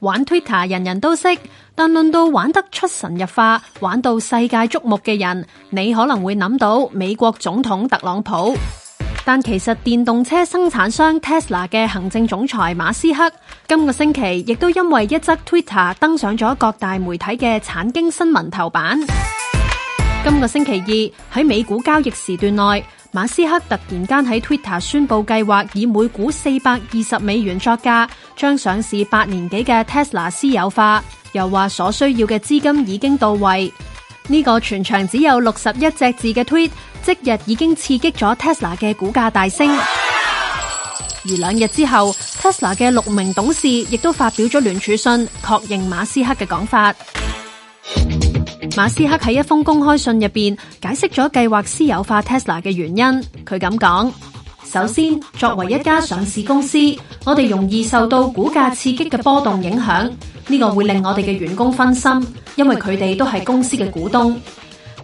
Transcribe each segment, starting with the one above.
玩 Twitter 人人都識，但論到玩得出神入化、玩到世界矚目嘅人，你可能會諗到美國總統特朗普。但其實電動車生產商 Tesla 嘅行政總裁馬斯克，今個星期亦都因為一則 Twitter 登上咗各大媒體嘅產經新聞頭版。今個星期二喺美股交易時段內，馬斯克突然間喺 Twitter 宣布計劃以每股四百二十美元作價，將上市八年幾嘅 Tesla 私有化，又話所需要嘅資金已經到位。呢、這個全場只有六十一隻字嘅 Tweet，即日已經刺激咗 Tesla 嘅股價大升。而兩日之後，Tesla 嘅六名董事亦都發表咗聯署信，確認馬斯克嘅講法。馬斯克喺一封公開信入邊解釋咗計劃私有化 Tesla 嘅原因。佢咁講：首先，作為一家上市公司，我哋容易受到股價刺激嘅波動影響，呢個會令我哋嘅員工分心，因為佢哋都係公司嘅股東。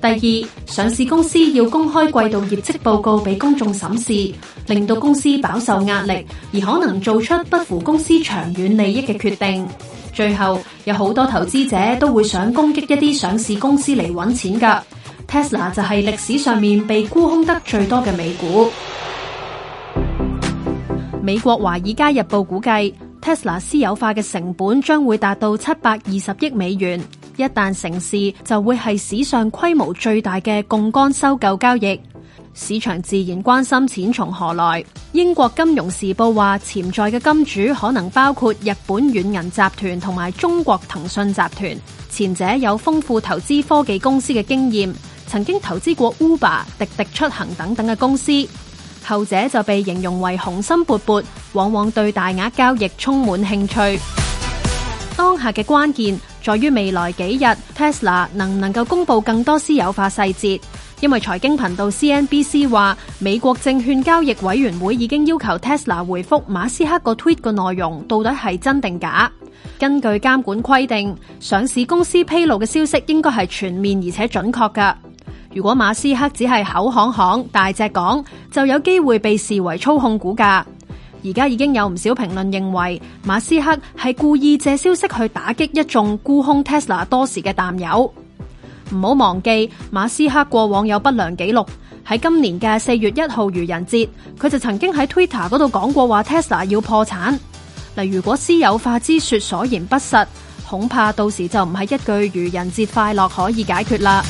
第二，上市公司要公開季度業績報告俾公眾審視，令到公司飽受壓力，而可能做出不符公司長遠利益嘅決定。最後，有好多投資者都會想攻擊一啲上市公司嚟揾錢噶。Tesla 就係歷史上面被沽空得最多嘅美股。美國華爾街日報估計，Tesla 私有化嘅成本將會達到七百二十億美元，一旦成事，就會係史上規模最大嘅槓桿收購交易。市場自然關心錢從何來。英國金融時報話，潛在嘅金主可能包括日本軟銀集團同埋中國騰訊集團。前者有豐富投資科技公司嘅經驗，曾經投資過 Uber、滴滴出行等等嘅公司。後者就被形容為雄心勃勃，往往對大額交易充滿興趣。當下嘅關鍵在於未來幾日，Tesla 能唔能夠公布更多私有化細節。因為財經頻道 CNBC 話，美國證券交易委員會已經要求 Tesla 回覆馬斯克個 tweet 嘅內容到底係真定假。根據監管規定，上市公司披露嘅消息應該係全面而且準確嘅。如果馬斯克只係口噏噏，大隻講，就有機會被視為操控股價。而家已經有唔少評論認為，馬斯克係故意借消息去打擊一眾沽空 Tesla 多時嘅淡友。唔好忘記，馬斯克過往有不良記錄，喺今年嘅四月一號愚人節，佢就曾經喺 Twitter 嗰度講過話 Tesla 要破產。嗱，如果私有化之說所言不實，恐怕到時就唔係一句愚人節快樂可以解決啦。